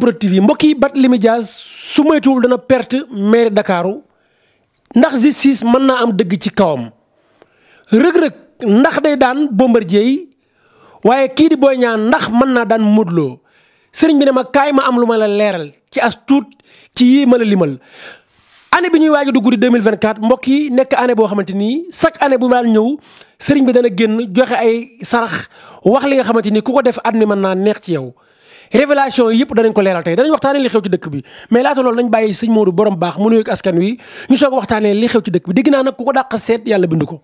Prod TV mbokk yi Barthélémy Dias su moytuwul dana perte maire Ndakaaru ndax justice mën naa am dëgg ci kawam rëg-rëg ndax day daan Bombardier yi waaye kii di Boy ñaan ndax mën naa daan Modou Lo sëriñ bi ne ma kaay ma am lu ma la leeral ci as tuut ci yii ma la limal. année bi ñuy waaj a dugg di 2024 mbokk yi nekk année boo xamante ni chaque année bu daan ñëw sëriñ bi dana génn joxe ay sarax wax li nga xamante ni ku ko def at mi mën naa neex ci yow. révélation yi yëpp danañ ko leeral tey danañ waxtaanee li xew ci dëkk bi mais laata loolu nañ bàyyi sëñ Modou borom baax mu nuyoog askan wi ñu soog waxtaanee li xew ci dëkk bi dégg naa nag ko dàq seet yàlla bind ko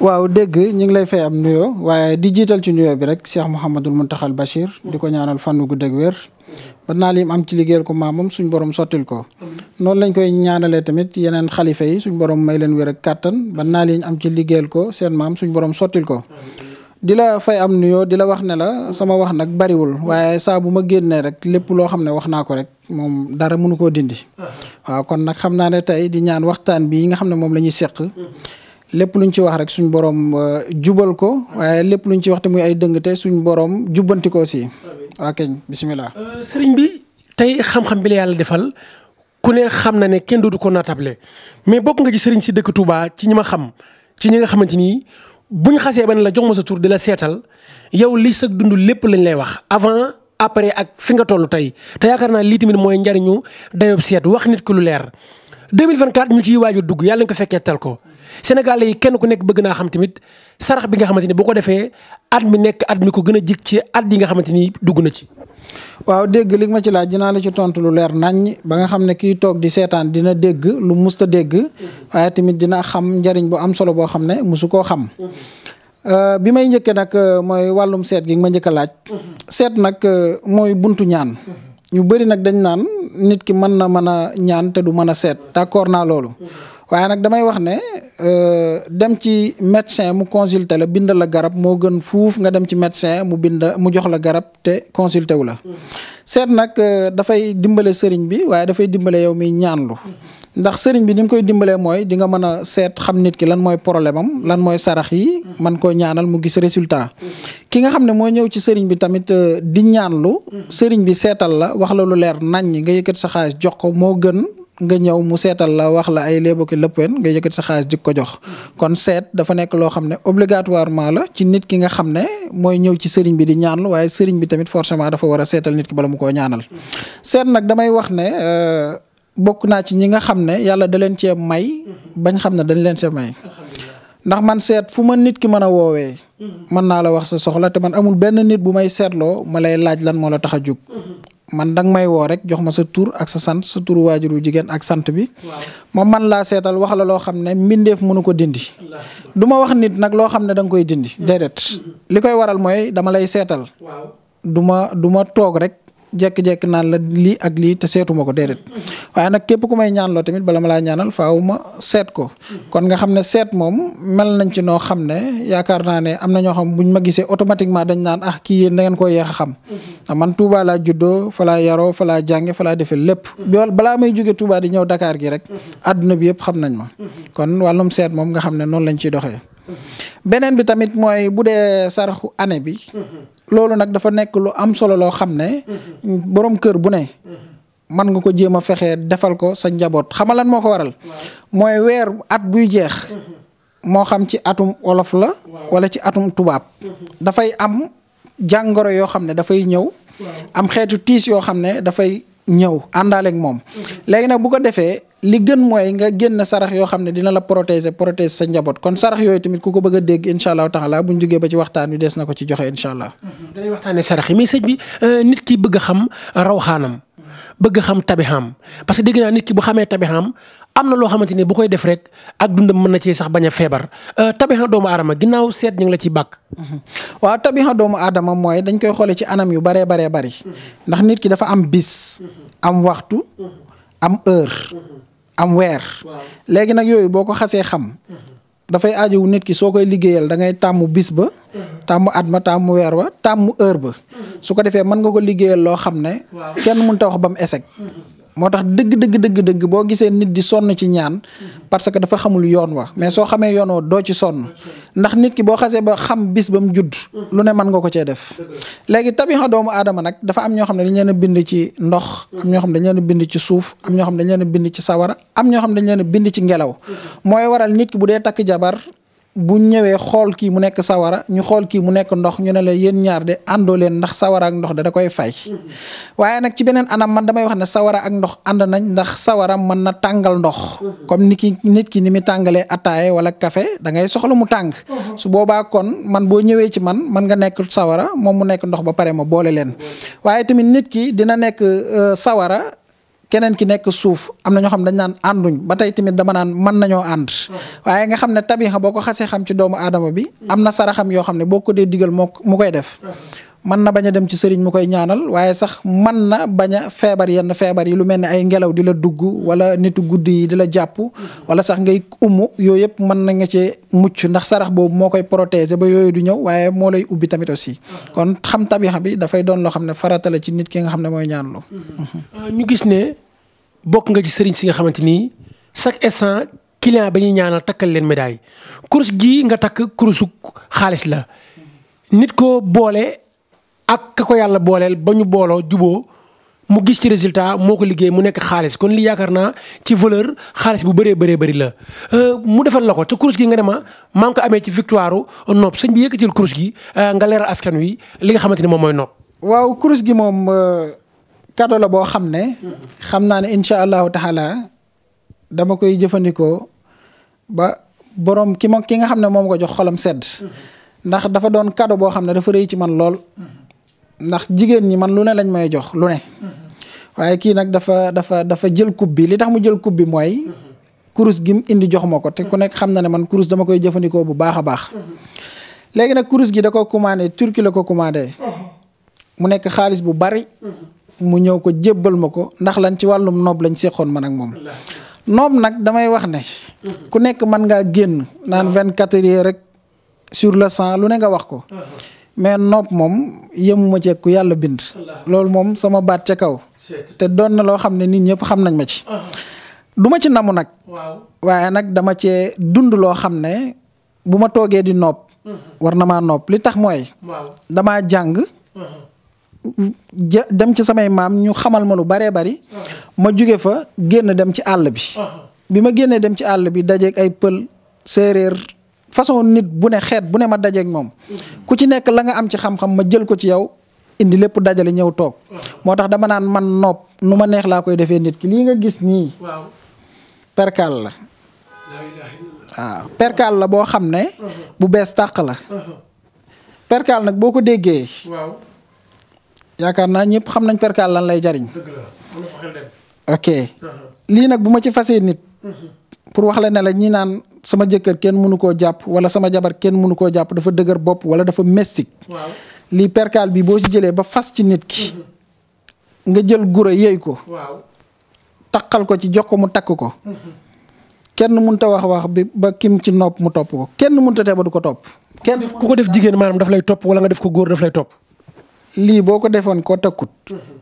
waaw dégg ñu ngi lay fay am nuyoo waaye di jiital ci nuyoo bi rek Cheikh Mouhamadul Muntaxal Bachir di ko ñaanal fànn gu dëgg wér ba naa lim am ci liggéeyal ko maamam suñ borom sottil ko noonu lañ koy ñaanalee tamit yeneen xalifa yi suñ borom may leen wér ak kàttan ba naa lim am ci liggéeyal ko seen maam suñ borom sottil ko di la fay am nuyoo di la wax ne la sama wax nag bariwul waaye saa bu ma génnee rek lépp loo xam ne wax naa ko rek moom dara mënu koo dindi. waaw kon nag xam naa ne tey di ñaan waxtaan bi nga xam ne moom la ñuy seq. lépp luñ ci wax rek suñ borom euh, jubal ko waaye lépp luñ ci wax te muy ay dëngte suñ borom jubbanti si waa keñ bisimilah. Euh, sëriñ bi tey xam-xam bi la yàlla defal ku ne xam na ne kenn dootu ko naatable mais bokk nga ci sëriñ si dëkk Touba ci ñi ma xam ci ñi nga xamante ni bu ñu xasee ba ne la jox ma sa tur di la seetal yow li sa dund lépp lañ lay wax avant après ak fi nga toll tey te yaakaar naa lii tamit mooy njariñu dayob seet wax nit ku lu leer 2024 ñu ciy waaju dugg yàlla ñu ko fekkee tal ko. sénégal yi kenn ku nekk bëgg naa xam tamit sarax bi nga xamante ni boo ko defee at mi nekk at mi ko gën a jig ci at yi nga xamante ni dugg na ci. waaw dégg li ma ci laaj dinaa la ci tontu lu leer nañ ba nga xam ne kiy toog di seetaan dina dégg lu musta dégg tamit dina xam njariñ bu am solo boo xam ne musu koo xam. Mm-hmm. Euh, bi may njëkkee nag euh, mooy wàllum seet gi ma njëkk a laaj. Mm-hmm. seet nag euh, mooy buntu ñaan. Mm-hmm. ñu bëri nag dañ naan nit ki mën na mën a ñaan te du mën a seet d'accord naa loolu. waaye nag damay wax ne euh, dem ci médecin mu consulter la bind la garab moo gën fuuf nga dem ci médecin mu bind mu jox la garab te consulter wu la seet nag euh, dafay dimbale sëriñ bi waaye dafay dimbale yow miy ñaanlu ndax sëriñ bi ni koy dimbalee mooy di nga mën a seet xam nit ki lan mooy problème am lan mooy sarax yi man ko ñaanal mu gis résultat ki nga xam ne mooy ñëw ci sëriñ bi tamit euh, di ñaanlu mm-hmm. sëriñ bi seetal la wax la lu leer naññ nga yëkkat sa xaalis jox ko moo gën nga ñëw mu seetal la wax la ay léeboki lëppeen nga yëkkat sa xaalis jik ko jox kon seet dafa nekk loo xam ne obligatoirement la ci nit ki nga xam ne mooy ñëw ci sëriñ bi di ñaanal waaye sëriñ bi tamit forcément dafa war a seetal nit ki bala mu koo ñaanal seet nag damay wax ne euh, bokk naa ci ñi nga xam ne yàlla da leen cee may bañ xam ne dañ leen cee may ndax man seet fu ma nit ki mën a woowee mën naa la wax sa soxla te man amul benn nit bu may seetloo ma lay laaj lan moo la tax a jóg man dang may woo rek jox ma sa tur ak sa sant sa turu waajur wu jigéen ak sant bi ma man laa seetal wax la loo xam ne mbindeef mënu ko dindi du ma wax nit nag loo xam ne da nga koy dindi déedéet mm-hmm. li koy waral mooy dama lay seetal du ma du ma toog rek jekk-jekk naan la lii ak lii te seetuma ko déedéet waaye nag képp ku may ñaan loo tamit bala ma laa ñaanal faaw ma seet ko kon nga xam ne seet moom mel nañ ci noo xam ne yaakaar naa ne am na ñoo xam buñ ma gisee automatiquement dañ naan ah ki yéen da ngeen koo yeex xam ah, man Touba laa juddoo fa laa yaroo fa laa jànge fa lépp bool balaa may jóge Touba di ñëw Dakar gi rek àdduna bi yëpp xam nañ ma kon wàllum seet moom nga xam ne noonu lañ ciy doxee beneen bi tamit mooy bu dee bi loolu nag dafa nekk lu am solo loo xam ne. borom kër bu ne. man nga ko jéem a fexe defal ko sa njaboot xama lan moo ko waral. mooy weer at buy jeex. moo xam ci atum olof la. wala ci atum tubaab. Mhm. dafay am jàngoro yoo xam ne dafay ñëw. am xeetu tiis yoo xam ne dafay ñëw àndaaleeg moom. Mhm. léegi nag bu defee li gën mooy nga génn sarax yoo xam ne dina la protéger protéger sa njaboot kon sarax yooyu tamit ku ko bëgg a dégg incha allahu taala bu ñu jógee ba ci waxtaan wi des na ko mm-hmm. euh, bëgg xam rawxaanam xam parce que dégg naa nit ki bu xamee tabixaam am na loo xamante ni bu koy def rek ak dundam mën na ci sax bañ a feebar euh, tabixaam doomu aadama ginnaaw seet ñu ngi la ciy bàkk. Mm-hmm. waaw tabixaam doomu aadama mooy dañ koy xoolee ci anam yu baree baree bari mm-hmm. ndax nit ki dafa am bis. am waxtu am heure. am weer. léegi nag yooyu boo ko xasee xam. Mhm. dafay aajowu nit ki soo koy liggéeyal da ngay tàmm bis ba. Mhm. tàmm at ma tàmm weer wa tàmm heure ba. Mhm. su ko defee mën nga ko liggéeyal loo xam ne. kenn mun taw wax ba mu échec. moo tax dëgg dëgg dëgg dëgg boo gisee nit di sonn ci ñaan parce que dafa xamul yoon wa mais soo xamee yoon wa doo ci sonn ndax nit ki boo xasee ba xam bis ba mu judd lu ne mën nga ko cee def léegi tabixa doomu aadama nag dafa am ñoo xam ne dañ leen a bind ci ndox am ñoo xam ne dañ bind ci suuf am ñoo xam ne dañ bind ci sawara am ñoo xam ne dañ leen a bind ci ngelaw mooy waral nit ki bu dee takk jabar bu ñëwee xool kii mu nekk sawara ñu xool kii mu nekk ndox ñu ne la yéen ñaar de àndoo leen ndax sawara ak ndox da da koy fay mm-hmm. waaye nag ci beneen anam man damay wax ne sawara ak ndox ànd nañ ndax sawara mën na tàngal ndox mm-hmm. comme ni ki nit ki ni mu tàngalee attaaye wala kafe da ngay soxla mu tàng mm-hmm. su boobaa kon man boo ñëwee ci man man nga nekk sawara moom mu nekk ndox ba pare ma boole leen waaye tamit nit ki dina nekk euh, sawara keneen ki nekk suuf am na ñoo xam dañ naan ànduñ ba tey tamit dama naan mën nañoo ànd waaye nga xam ne tabixa boo ko xasee xam ci doomu aadama bi am na sara xam yoo xam ne boo ko dee digal moo mu koy def mën na bañ a dem ci sëriñ mu koy ñaanal waaye sax man na bañ a feebar yenn feebar yi lu mel ne ay ngelaw di la dugg wala nitu guddi yi di la jàpp wala sax ngay umu yooyu yëpp mën na nga cee mucc ndax sarax boobu moo koy protéger ba yooyu du ñëw waaye moo lay ubbi tamit aussi kon xam tabixa bi dafay doon loo xam ne faratale ci nit ki nga xam ne mooy ñaanlu euh, ñu gis ne bokk nga ci sëriñ si nga xamante ni chaque essant client ba ñuy ñaanal takkal leen médaille kurus gi nga takk kurusu xaalis la ko boole ak ka ko yàlla booleel ba ñu booloo juboo mu gis ci résultat moo ko liggéey mu nekk xaalis kon lii yaakaar naa ci valeur xaalis bu baree bëree bëri la euh, mu defal la ko te kurus gi nga ne ma ko amee ci victoire nopp sëñ bi yëkkatil kurus gi euh, nga leeral askan wi li nga xamante ni moom mooy nopp. waaw kurus gi moom euh, cadeau la boo xam ne. xam naa ne incha allah taala dama koy jëfandikoo ba borom ki ma ki nga xam ne moom ko jox xolam sedd. Mm-hmm. ndax dafa doon cadeau boo xam ne dafa rëy ci man lool. Mm-hmm. ndax jigéen ñi man lu ne lañ may jox lu ne waaye kii nag dafa dafa dafa jël coupe bi li tax mu jël coupe bi mooy kurus gi mu indi jox ma ko te ku nekk xam na ne man kurus dama koy jëfandikoo bu baax a baax léegi nag kurus gi da ko commandé turki la ko commandé mu nekk xaalis bu bari mu ñëw ko jébbal ma ko ndax lan ci wàllum noob lañ seqoon ma nag moom noob nag damay wax ne ku nekk mën ngaa génn naan vingt-quatre heures rek sur le champ lu ne nga wax ko mais nopp moom yemuma ceeg ku yàlla bind. loolu moom sama baat ca kaw. te doon na loo xam ne nit ñëpp xam nañ ma ci. du ma ci namu nag. waaye nag dama cee dund loo xam ne bu ma toogee di nopp. Mhm. war na ma nopp li tax mooy. damaa jàng. dem ci samay maam ñu xamal ma lu baree bari. Mhm. ma jóge fa génn dem ci àll bi. Mhm. bi ma génnee dem ci àll bi dajeeg ay pël séeréer. façon nit bu ne xeet bu ne ma dajeek moom ku ci nekk la nga am ci xam-xam ma jël ko ci yow indi lépp dajale ñëw toog moo tax dama naan man nopp nu ma neex laa koy defee nit ki lii nga gis nii perkal la waaw perkal la boo xam ne bu bees tàq la uh-huh. perkal nag boo ko déggee yaakaar naa ñëpp xam nañ perkal lan lay jariñ ok uh-huh. lii nag bu ma ci fasee nit uh-huh. pour wax la ne la ñi naan sama jëkkër kenn mënu koo jàpp wala sama jabar kenn mënu koo jàpp dafa dëgër bopp wala dafa messik waaw lii perkaal bi boo ci jëlee ba fas ci nit ki. Mm-hmm. nga jël gura yëy ko. waaw takkal ko ci jox ko mu takk ko. Mm-hmm. kenn mënut a wax wax bi ba kim ci nopp mu topp ko kenn mënut a tee ba du ko topp. kenn ku ko def jigéen maanaam daf lay topp wala nga def ko góor daf lay topp. lii boo ko defoon koo takkut. Mm-hmm.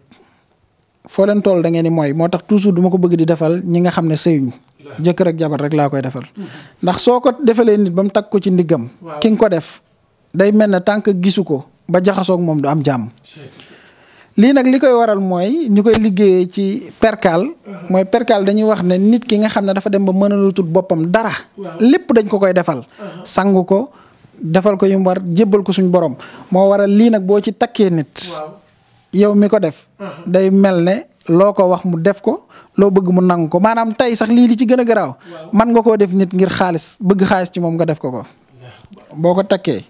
foo leen tool da ngeen ni mooy moo tax toujours duma ko bëgg di defal ñi nga xam ne sëyuñ jëkk ak jabar rek laa koy defal ndax soo ko defalee nit ba mu takk ko ci ndiggam ki nga ko def day mel ne tànk gisu ko ba jaxasoog moom du am jàmm nag li koy waral mooy ñu koy liggéeyee ci percal mooy percal dañuy wax ne nit ki nga xam ne dafa dem ba mënalutul boppam dara lépp dañ ko koy defal uh-huh. ko defal ko yu mu war ko suñ borom moo waral lii nag boo ci takkee nit yow mi ko def uh-huh. day mel ne loo ko wax mu def ko loo bëgg mu nang ko maanaam tey sax lii li ci gën a garaaw man nga koo def nit ngir xaalis bëgg xaalis ci moom nga def ko ko boo ko takkee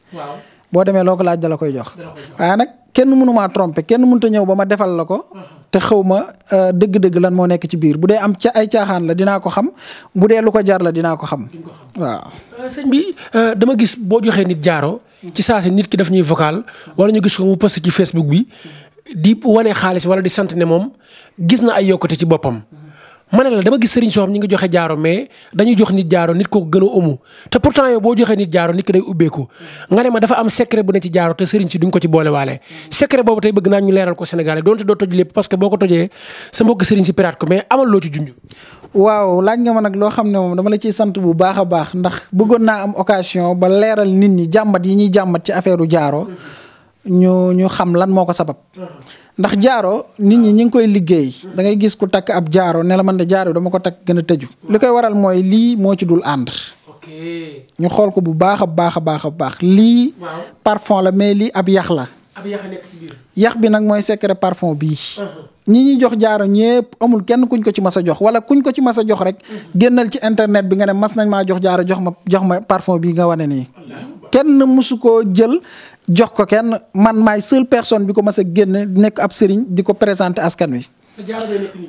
boo demee loo ko laaj dala koy jox waaye nag kenn mënu maa trompé kenn mënut a ñëw ba ma defal la ko uh-huh. te xaw ma euh, dëgg-dëgg lan moo nekk ci biir bu dee am ca ay caaxaan la dinaa ko xam bu dee lu ko jaar la dinaa ko xam waaw. Euh, sëñ euh, dama gis boo joxee nit jaaro ci saa nit ki daf ñuy vocal wala ñu gis ko mu post ci Facebook bi di wane xaalis wala di sant ne moom gis na ay yokkute ci boppam. ma ne la dama gis sëriñ soo xam ñi ngi joxe jaaro mais dañuy jox nit jaaro nit kooku gën a umu te pourtant yow boo joxee nit jaaro nit ki day ubbeeku nga ne ma dafa am secret bu ne ci jaaro te sëriñ duñ ko ci boole waale secret tey bëgg naa ñu leeral ko Sénégalais donte doo toj lépp parce que boo ko tojee sa mbokk sëriñ si piraat ko mais amal loo ci junj waaw laaj nga ma nag loo xam ne moom dama la ciy sant bu baax a baax ndax bëggoon naa am occasion ba leeral nit ñi jàmbat yi ñuy jàmbat ci affaire u jaaro ñu ñu xam lan moo ko sabab ndax jaaro nit ñi ñi ngi koy liggéey dangay gis ku takk ab jaaro ne la man jaaro dama ko takk gën a tëju li koy waral mooy lii moo ci dul ànd ñu xool ko bu baax a baax a baax a baax lii parfum la mais lii ab yax la yax bi nag mooy secret parfum bii uh-huh. ñi ñuy jox jaaro ñépp amul kenn kuñ ko ci mas a jox wala kuñ ko ci mas a jox rek uh-huh. génnal ci internet bi nga ne mas nañ maa jox jaaro jox ma jox ma parfum bii nga wane nii kenn mësu jël jox ko kenn man maay seule personne bi ko mas a génne nekk ab sëriñ di ko présenter askan wi.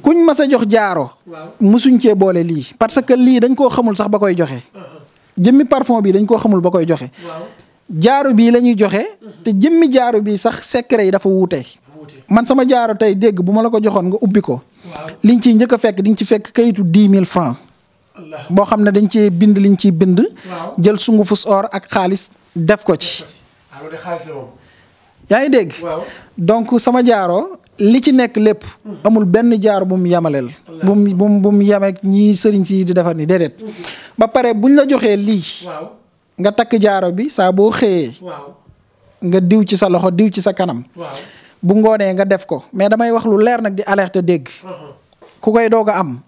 kuñ mas a jox jaaro. mosuñ cee boole lii parce que lii dañ koo xamul sax ba koy joxe. jëmmi parfum bi dañ koo xamul ba koy joxe. jaaro bii la ñuy joxe. te jëmmi jaaro bii sax secret yi dafa wuute. man sama jaaro tey dégg bu ma la ko joxoon nga ubbi ko. liñ ciy njëkk a fekk diñ ci fekk kayitu dix mille francs boo xam ne dañ cee bind liñ ciy bind. jël sungufus or ak xaalis def ko ci. yaa ngi dégg. donc sama jaaro li ci nekk lépp. Mhm. amul benn jaaro bu mu yamaleel. bu mu bu mu ñii sëriñ si di defar ni déedéet. Mhm. ba pare bu buñ la joxee lii. nga takk jaaro bi saa boo xëyee. nga diw ci sa loxo diw ci sa kanam. bu ngoonee nga def ko mais damay wax lu leer nag di alerte dégg. Mhm. ku koy doog a am.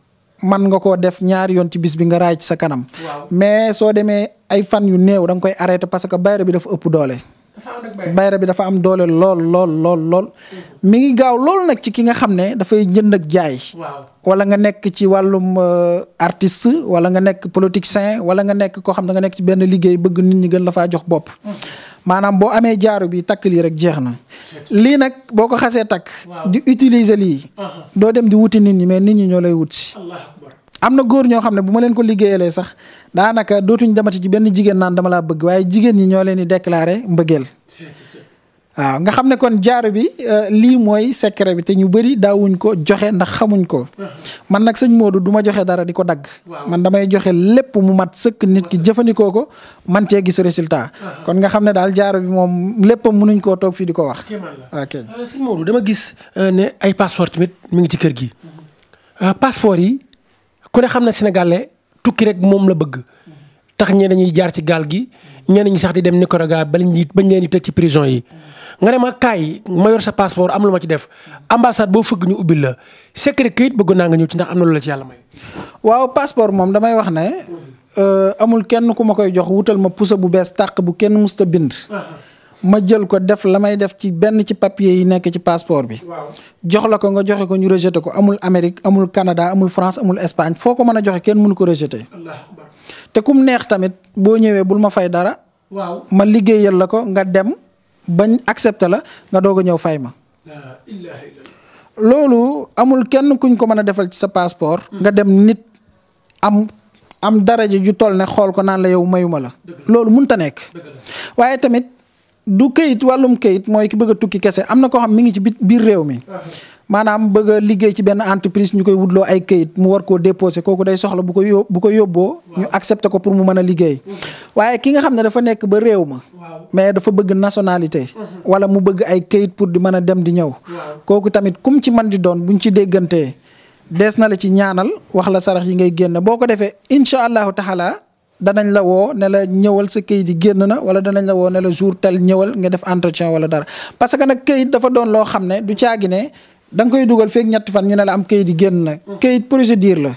man nga koo def ñaari yoon ci bis bi nga raay ci sa kanam. mais soo demee ay fan yu néew da nga koy arrêté parce que bayre bi dafa ëpp doole. bayra bi dafa am doole lool lool lool lool mi ngi gaaw loolu nag ci ki nga xam ne dafay jënd ak jaay wala nga nekk ci wàllum euh, artist wala nga nekk politicien wala nga nekk koo xam ne nga nekk ci benn liggéey bëgg nit ñi gën la faa jox bopp hmm. maanaam boo amee jaaru bi takk lii rek jeex na lii nag boo ko xasee takk di utiliser lii uh-huh. doo dem di wuti nit ñi mais nit ñi ñoo lay wut si am na góor ñoo xam ne bu ma leen ko liggéeyalee sax daanaka dootuñ demati ci benn jigéen naan dama bëgg waaye jigéen ñi ñoo leen di déclarer nga xam ne kon jaaro bi euh, lii mooy secret ñu bëri daawuñ ko joxe ndax xamuñ ko. man nag sëñ Modou du joxe dara di ko dagg. man damay joxe lépp mu mat sëkk nit ki jëfandikoo ko man cee gis résultat. kon nga xam ne daal jaaro bi moom lépp mënuñ koo toog fii di ko wax. ok euh, dama gis euh, ne ay passeport tamit mu ngi ci kër gi. passeport yi. ku ne xam na sénégalais tukki rek moom la bëgg tax ñe dañuy jaar ci gaal gi ñenn ñi sax di dem Nicaragua ba ñu bañ leen di tëj ci prison yi nga ne ma kaay ma yor sa passeport am lu ma ci def ambassade boo fëgg ñu ubbil la secret kayit bëgg naa nga ñëw ci ndax am na lu la ci yàlla may. waaw passeport moom damay wax ne euh, amul kenn ku ma koy jox wutal ma pusa bu bees tàq bu kenn musta bind. Ah, ah. ma jël ko def la may def ci benn ci papier yi nekk ci passeport bi. jox la ko nga joxe ko ñu rejeté ko amul Amérique amul Canada amul France amul Espagne foo ko mën a joxe kenn mënu ko rejeté. te kum neex tamit boo ñëwee bul ma fay dara. waaw ma liggéeyal la ko nga dem bañ accepté la nga doog a ñëw fay ma. loolu amul kenn kuñ ko mën a defal ci sa passeport. Mm. nga dem nit am. am daraja ju toll ne xool ko naan la yow mayuma la loolu munta nekk waaye tamit du këyit wàllum këyit mooy ki bëgg a tukki kese am na ko xam mu ngi ci biir réew mi. maanaam bëgg liggéey ci benn entreprise ñu koy wutloo ay këyit mu war koo déposé kooku day soxla bu ko yób bu ko yóbboo. ñu accepté ko pour mu mën a liggéey. Mm-hmm. waaye ki nga xam ne dafa nekk ba réew ma. mais dafa bëgg nationalité. Mm-hmm. wala mu bëgg ay këyit pour di mën a dem di ñëw. kooku tamit kum ci man di doon bu buñ ci déggantee. dees na la ci ñaanal wax la sarax yi ngay génn boo ko defee incha allahu taala danañ la woo ne la ñëwal sa kayit yi génn na wala danañ la woo ne la jour tel ñëwal nga def entretien wala dara parce que nag kayit dafa doon loo xam ne du caagi ne da koy dugal feeg ñetti fan ñu ne la am kayit yi génn na. kayit procédure la.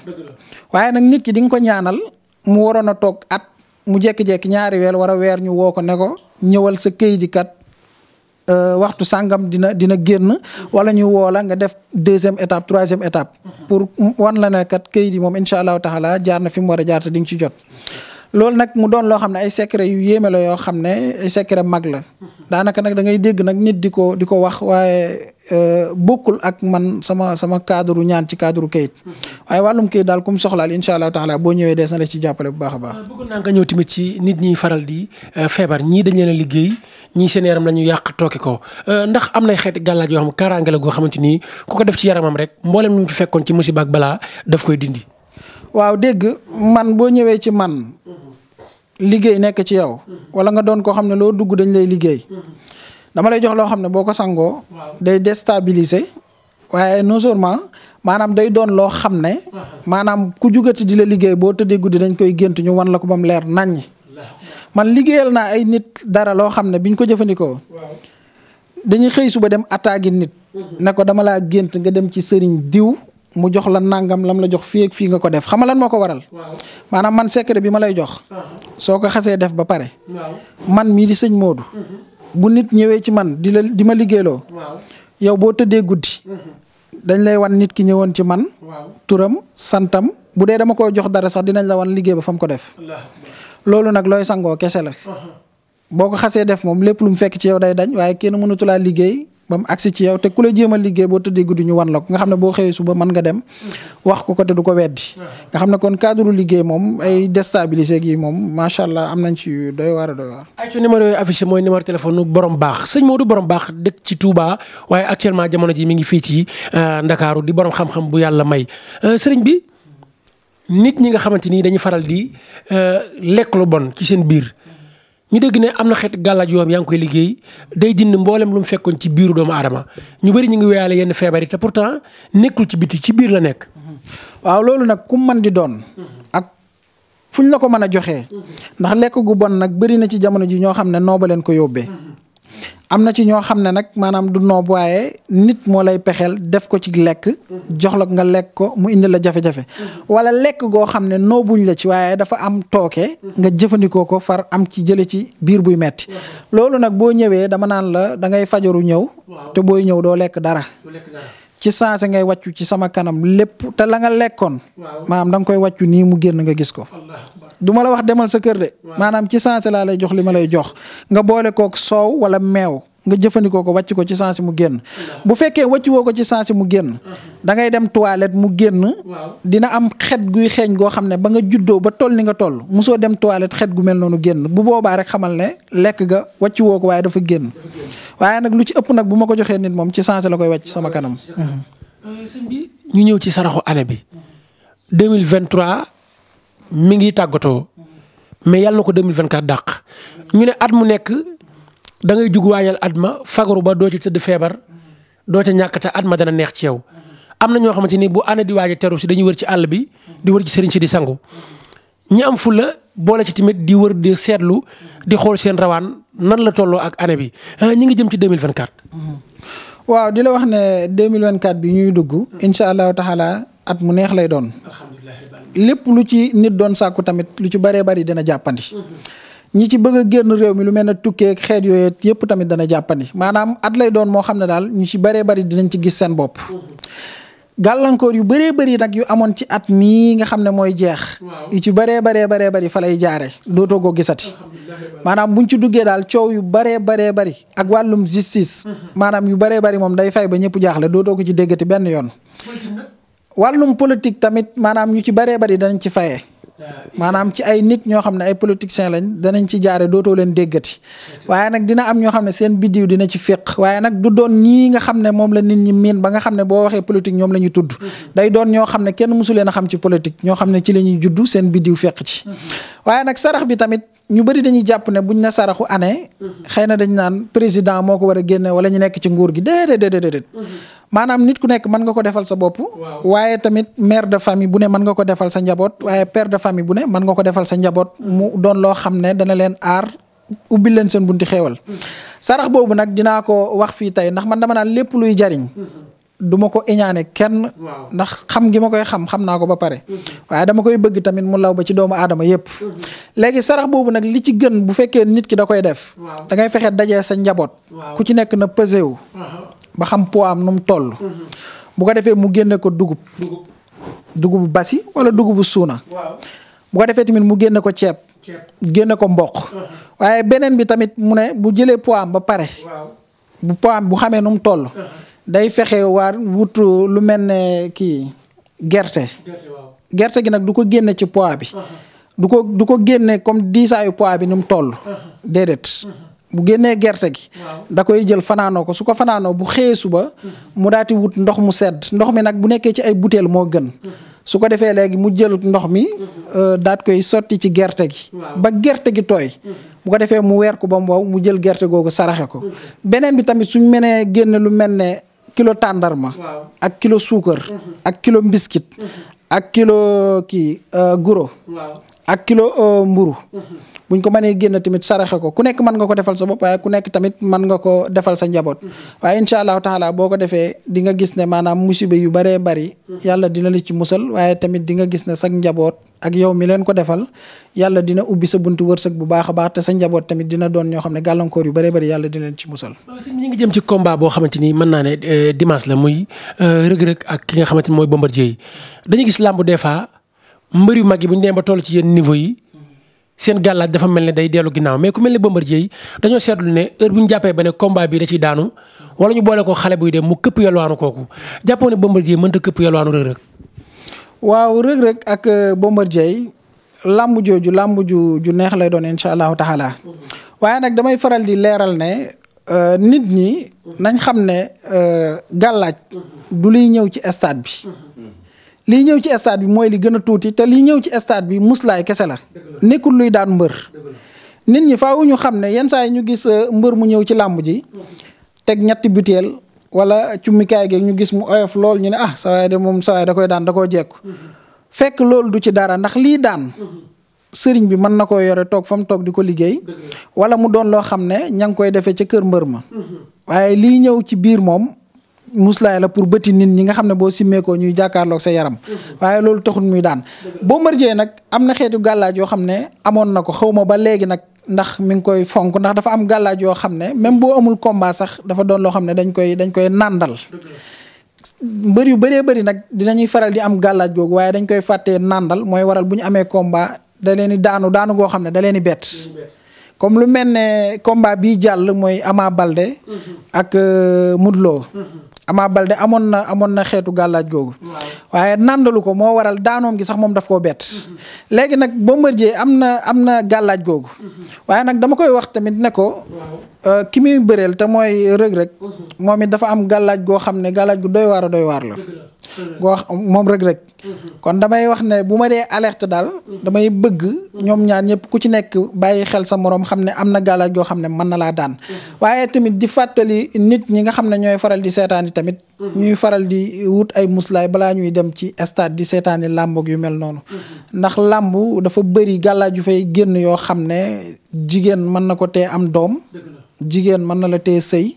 waaye nag nit ki di nga ko ñaanal mu waroon a toog at mu jékki-jékki ñaari weer wara weer ñu woo ko ne ko ñëwal sa kayit yi kat euh, waxtu sangam dina dina génn wala ñu woo la nga def deuxième étape troisième étape. Mm-hmm. pour wan la ne kat kayit yi moom incha allahu taala jaar na fi mu war a di nga ci jot. loolu nag mu doon loo xam ne ay secret yu yéeme la yoo xam ne ay mag la daanaka nag da ngay dégg nag nit di ko di ko wax waaye euh, bokkul ak man sama sama cadre ñaan ci cadre kayit waaye wàllum kayit daal kum soxlaal incha allah taala boo ñëwee dees na la ci jàppale bu baax a baax. bëgg tamit ci nit ñi faral di euh, feebar ñii dañ leen liggéey ñii seen yaram la ñu yàq tooke ko euh, ndax am nay xeet gàllaaj yoo xam kaaraange la goo xamante ni ku ko def ci yaramam rek mboolem lu mu ci fekkoon ci musiba ak balaa daf koy dindi. waaw dégg man boo ñëwee ci man liggéey nekk ci yow. Mhm. wala nga doon koo xam ne loo dugg dañ lay liggéey. Mhm. dama lay jox loo xam ne boo ko sangoo. day déstabiliser waaye non seulement maanaam day doon loo xam ne. Mhm. maanaam ku jugati di la liggéey boo tëddee guddi dañ koy gént ñu wan la ko ba mu leer naññ. man liggéeyal naa ay nit dara loo xam ne biñ ko jëfandikoo. dañuy xëy suba dem attaque nit. ne ko dama laa gént nga dem ci sëriñ diw mu jox la nangam lam la jox fii ak fii nga ko def xam a lan moo ko waral. maanaam man secret bi ma lay jox. Ah. soo ko xasee def ba pare. man mii di sëñ moodu mhm. bu nit ñëwee ci man di la di ma liggéeyloo. yow boo tëddee guddi. Mhm. lay wan nit ki ñëwoon ci man. turam santam bu dee dama koy jox dara sax dinañ la wan liggéey ba fa mu ko def. loolu nag looy sangoo kese la. Mhm. boo ko xasee def moom lépp lu mu fekk ci yow day dañ waaye kenn mënatu laa liggéey. ba mu agsi ci yow te ku la jéem a liggéey boo tëddee guddi ñu wan la ko nga xam ne boo xëyee suba mën nga dem mm. wax ko ko te du ko weddi nga xam ne kon cadre liggéey moom ay déstabilisé gi moom macha allah am nañ ci doy waar a doy waar ay ci numéro yooyu affiché mooy numéro téléphone borom baax sëñ Modou borom baax dëkk ci Touba waaye actuellement jamono ji mu ngi fii ci euh, Ndakaaru di borom xam-xam bu yàlla may euh, sëriñ bi nit ñi nga xamante ni dañu faral di euh, lekk lu bon ci seen biir ñu dégg ne am na xeet gàllaaj yoom yaa ngi koy liggéey day dindi mboolem lu mu fekkoon ci biiru doomu aadama ñu bëri ñu ngi wéyaale yenn feebar te pourtant nekkul ci biti ci biir la nekk. waaw loolu nag ku man di doon. ak fu ñu la ko mën a joxe ndax lekk gu bon nag bëri na ci jamono ji ñoo xam ne nooba leen ko yóbbee. am na ci ñoo xam ne nag maanaam du noob waaye nit moo lay pexeel def ko ci lekk jox la nga lekk ko mu indi la jafe-jafe wala lekk goo xam ne noobuñ la ci waaye dafa am tooke nga jëfandikoo ko far am ci jële ci biir buy metti loolu nag boo ñëwee dama naan la da ngay fajaru ñëw te booy ñëw doo lekk dara ci saase ngay wàccu ci sama kanam lépp te la nga lekkoon maanaam da nga koy wàccu nii mu génn nga gis ko du ma la wax demal sa kër de. maanaam ci sensé laa lay jox li ma lay jox. nga boole kook soow wala meew nga jëfandikoo ko wàcc ko ci sensé mu génn. bu fekkee wàcc woo ko ci sensé mu génn. Uh-huh. da dem toilette mu génn. dina am xet guy xeeñ goo xam ne ba nga juddoo ba toll ni nga toll mosoo dem toilette xet gu mel noonu génn bu boobaa rek xamal ne lekk ga wàcc woo ko waaye dafa génn. waaye nag lu ci ëpp nag bu ma ko joxee nit moom ci sensé la koy wàcc sama kanam. Mhm. Euh, ñu ñëw ci saraxu année bi 2023 mhm. mi ngi tàggatoo mais yàlla na ko 2024 dàq ñu ne at mu nekk da ngay jug waajal at ma fagaru ba doo ci tëdd feebar doo ca at ma dana neex ci yow. am na ñoo xamante ni bu année di waaj a si dañuy wër ci àll bi di wër ci sëriñ di sangu ñi am fula boole ci tamit di wër di seetlu di xool seen rawaan nan la tolloo ak année bi ah, ñi ngi jëm ci 2024. waaw di la wax ne 2024 bi ñuy dugg. incha allahu taala at mu neex lay doon. lépp lu ci nit doon sàkku tamit lu ci bëree bari dina jàppandi. ñi ci bëgg a génn réew mi lu mel ne tukkee xeet yooyu yëpp tamit dana jàppandi maanaam at lay doon moo xam ne daal ñu ci bëree bëri dinañ ci gis seen bopp. yu bëree bëri nag yu amoon ci at mii nga xam ne mooy jeex. ci bëree bëree bëree bëri fa lay jaare dootoo ko gisati. maanaam buñ ci duggee daal coow yu bëree bëree bari ak wàllum justice. maanaam yu bëree bëri moom day fay ba ñëpp jaaxle dootoo ko ci déggati benn yoon. wàllum politique tamit maanaam ñu ci bare bëri danañ ci fayee maanaam ci ay nit ñoo xam ne ay politiciens lañ danañ ci jaare dootoo leen déggati waaye nag dina am ñoo xam ne seen biddiw dina ci féq waaye nag du doon ñii nga xam ne moom la nit ñi miin ba nga xam ne boo waxee politique ñoom la ñuy tudd day doon ñoo xam ne kenn mësu leen a xam ci politique ñoo xam ne ci la ñuy juddu seen biddiw féq ci waaye nag sarax bi tamit ñu bëri dañuy jàpp ne bu ñu na saraxu année. Mhm. xëy na dañ naan président moo ko war a génne wala ñu nekk ci nguur gi déedéet déedéet. Mhm. maanaam nit ku nekk mën nga ko defal sa bopp. waaye tamit maire de famille bu ne mën nga ko defal sa njaboot waaye père de famille bu mën nga ko defal sa njaboot. Mhm. mu doon loo xam ne dana leen aar ubbi leen seen bunti xewal sarax boobu nag dinaa ko wax fii tey ndax man dama naan lépp luy jariñ. du ma ko iñaane kenn ndax xam gi ma koy xam xam naa ko ba pare mhm. waaye dama koy bëgg tamit mu law ba ci doomu aadama yépp mhm. léegi sarax boobu nag li ci gën bu fekkee nit ki da koy def da ngay fexe dajee sa njaboot ku ci nekk na pesé wu ba xam poids am nu mu toll mhm. bu ko defee mu génne ko dugub dugubu basi wala dugubu suuna bu ko defee tamit mu génne ko ceeb génne ko mboq waaye beneen bi tamit mu ne bu jëlee poids am ba pare bu poids bu xamee nu mu toll day fexe waa wut lu mel ne kii gerte. gerte gi nag du ko génne ci poids bi. du ko du ko génne comme diisaayu pois bi nu mu toll. déedéet. bu génnee gerte gi. da koy jël fanaanoo ko su ko fanaanoo bu xëyee suba. mu daati wut ndox mu sedd ndox mi nag bu nekkee ci ay butéel moo gën. su ko defee léegi mu jël ndox mi euh, daat koy sotti ci gerte gi ba gerte gi tooy bu ko defee mu weer ko ba mu wow mu jël gerte googu saraxe ko beneen bi tamit suñ mënee génne lu mel ne kilo tàndarma. akilo suukar. ak kilo mbiskit. Mhm. Mhm. ak kilo kii euh, guro. ak kilo euh, mburu mhm. buñ ko mënee génn tamit saraxe ko ku nekk mën ko defal sa bopp ku nekk tamit mën nga ko defal sa njaboot waaye incha allahu taala boo ko defee di nga gis ne maanaam musibe yu baree bari yàlla dina la ci musal waaye tamit di nga gis ne sa njaboot ak yow mi leen ko defal yàlla dina ubbi sa buntu wërsëg bu baax a baax te sa njaboot tamit dina doon ñoo xam ne gàllankoor yu baree bari yàlla dina leen musal ñi jëm ci combat boo xamante ni mën naa ne euh, dimanche la muy euh, rëg-rëg ak ki nga xamante ni mooy bombardier yi dañu gis làmb des fois mbër yu mag yi bu ñu demee ba toll ci yenn niveau yi seen gàllaaj dafa mel ne day dellu ginnaaw mais ku mel ne Bombardier yi dañoo seetlu ne heure bu ñu jàppee ba ne combat bi da ciy daanu wala ñu boole ko xale buy dem mu këpp yalwaanu kooku jàppoo ne Bombardier mënta këpp yalwaanu Reug Reug waaw Reug Reug ak euh, Bombardier yi làmb jooju làmb ju ju neex lay doon incha allahu taala waaye nag damay faral di leeral ne euh, nit ñi nañ xam ne euh, gàllaaj du luy ñëw ci stade bi lii ñëw ci stade bi mooy li gën a tuuti te lii ñëw ci stade bi muslaay kese la nekkul luy daan mbër nit ñi faaw ñu xam ne yenn saa yi ñu gis euh, mbër mu ñëw ci làmb ji teg ñetti butéel wala cummikaay gi ñu gis mu oyof lool ñu ne ah sa de moom sa da koy daan da koo jekku fekk loolu du ci dara ndax lii daan sëriñ bi mën na koo yore toog fa mu toog di ko liggéey wala mu doon loo xam ne ña ngi koy defee ca kër mbër ma waaye lii ñëw ci biir moom muslaay la pour bëti nit ñi nga xam ne boo simmeekoo ñuy jàkkaarloog sa yaram waaye loolu taxul muy daan boo mërjee nag am na xeetu gàllaaj yoo xam ne amoon na ko xaw ba léegi nag ndax mi ngi koy fonk ndax dafa am gàllaaj yoo xam ne même boo amul komba sax dafa doon loo xam ne dañ koy dañ koy nàndal mbër yu bëree bëri nag dinañuy faral di am gàllaaj waaye dañ koy fàttee nàndal mooy waral bu ñu amee komba da leen di daanu daanu goo xam ne da leen di bett comme lu mel ne combat bii jàll mooy amaa balde ak euh, Modou Lo Ama Balde amoon na amoon na xeetu gàllaaj googu. waaye nandalu ko moo waral daanoom gi sax moom daf koo bett. léegi nag boo Bombardier am na am na gàllaaj googu. waaye nag dama koy wax tamit ne ko. Euh, ki muy bëreel te mooy rëg rëg moom it dafa am gàllaaj goo xam ne gàllaaj gu doy waar a doy waar la. goo moom Reug Reug kon damay wax ne bu ma dee alerte daal damay bëgg ñoom ñaar ñëpp ku ci nekk bàyyi xel sa moroom xam ne am na gàlla joo xam ne mën na laa daan waaye tamit di fàttali nit ñi nga xam ne ñooy faral di seetaani tamit ñuy faral di wut ay muslaay balaa ñuy dem ci stade di seetaani làmboog yu mel noonu ndax làmb dafa bëri gàllaa ju fay génn yoo xam ne jigéen mën na ko tee am doom jigéen mën na la tee sëy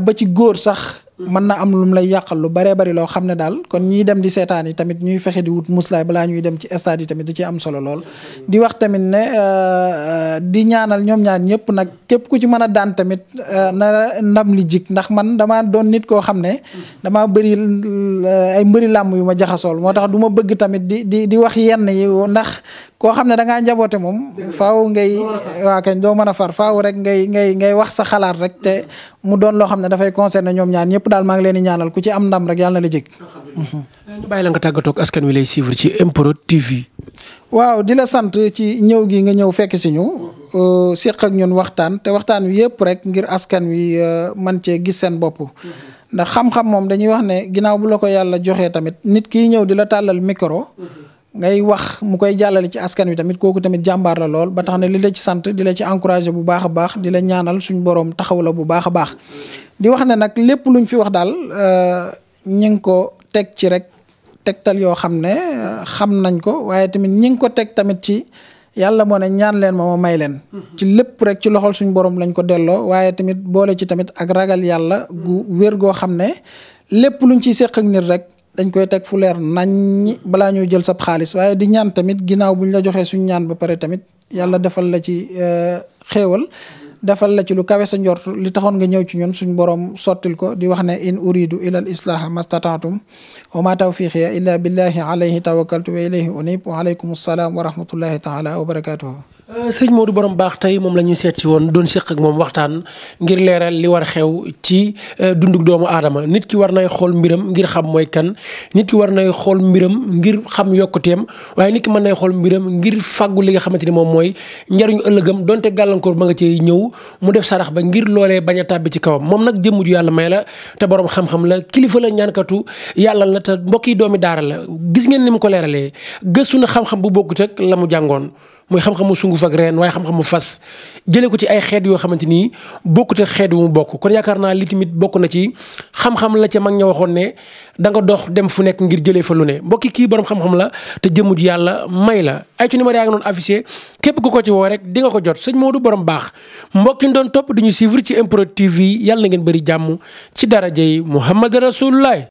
ba ci góor sax mën na am lu mu lay yàqal lu baree bari loo xam ne daal kon ñiy dem di seetaan yi tamit ñuy fexe di wut muslaay balaa ñuy dem ci stade yi tamit di ci am solo lool. di wax tamit ne euh, euh, di ñaanal ñoom ñaan ñëpp nag képp ku ci mën a daan tamit euh, na ndam li jik ndax man dama doon nit koo xam ne. dama bëri ay mbëri làmb yu ma jaxasool moo tax du ma bëgg tamit di di di wax yenn yi ndax. koo xam ne da ngaa njaboote moom faaw ngay waa kañ doo mën a far faaw rek ngay ngay ngay wax sa xalaat rek te mu doon loo xam ne dafay concerné ñoom ñaan ñëpp daal maa ngi leen di ñaanal ku ci am ndam rek yàlla na la jég. ñu la nga tàggatoo ak askan wi lay ci MPROD TV. waaw di sant ci ñëw gi nga ñëw fekk si ñu euh, séq ak ñun waxtaan te waxtaan wi yëpp rek ngir askan wi euh, man cee gis seen bopp. ndax xam-xam moom dañuy wax ne ginnaaw bu la ko yàlla joxee tamit nit kiy ñëw di la tàllal micro. ngay wax mu koy jàllale ci askan wi tamit kooku tamit jàmbaar la lool ba tax na li la ci sant di la ci encouragé bu baax a baax di la ñaanal suñ boroom taxaw la bu baax a baax di wax ne nag lépp luñ fi wax daal euh, ñi ngi ko teg ci rek tegtal yoo xam ne euh, xam nañ ko waaye tamit ñi ngi ko teg tamit ci yàlla moo ne ñaan leen ma ma may leen. Mm-hmm. ci lépp rek ci loxol suñ borom lañ ko delloo waaye tamit boole ci tamit ak ragal yàlla gu wér goo xam ne lépp luñ ciy seq ak rek. dañ koy teg fu leer naññi balaa ñuy jël sab xaalis waaye di ñaan tamit ginaaw bu ñu la joxee suñu ñaan ba pare tamit yàlla defal la ci euh, xéewal defal la ci lu kawe sa njort li taxoon nga ñëw ci ñun suñ borom sottil ko di wax ne in uridu ila al islaha mastataatum wa ma tawfiqiya illa billahi alayhi tawakkaltu wa ilayhi unib wa alaykum assalaam wa rahmatullahi taala wa barakatuhu Euh, sëñ Modou Borom Baax tey moom la ñu seet si woon doon séq ak moom waxtaan ngir leeral li war xew ci euh, dunduk doomu aadama nit ki war nay xool mbiram ngir xam mooy kan nit ki war nay xool mbiram ngir xam yokkuteem waaye nit ki mën nay xool mbiram ngir fàggu li nga xamante ni moom mooy njariñu ëllëgam donte gàllankoor ba nga cee ñëw mu def sarax ba ngir loolee bañ a tàbbi ci kawam moom nag jëmm ju yàlla may la te boroom xam-xam la kilifa la ñaankatu yàlla la te mbokk yi doomi daara la gis ngeen ni mu ko leeralee gëstu na xam bu bokkut ak la jàngoon mooy xam mu sungu ak reen waaye xam mu fas jëlee ko ci ay xeet yoo xamante ni bokkut ak xeet wu mu bokk kon yaakaar naa li tamit bokk na ci xam-xam la ca mag ña waxoon ne da nga dox dem fu nekk ngir jëlee fa lu ne mbokki kii borom xam-xam la te jëmu ju yàlla may la ay ci numéro yaa ngi noonu affiché képp ku ko ci woo rek di nga ko jot sëñ Modou borom baax mbokki doon topp di ñu suivre ci MPROD TV yàlla ngeen bëri jàmm ci darajey Muhammad Rasulullah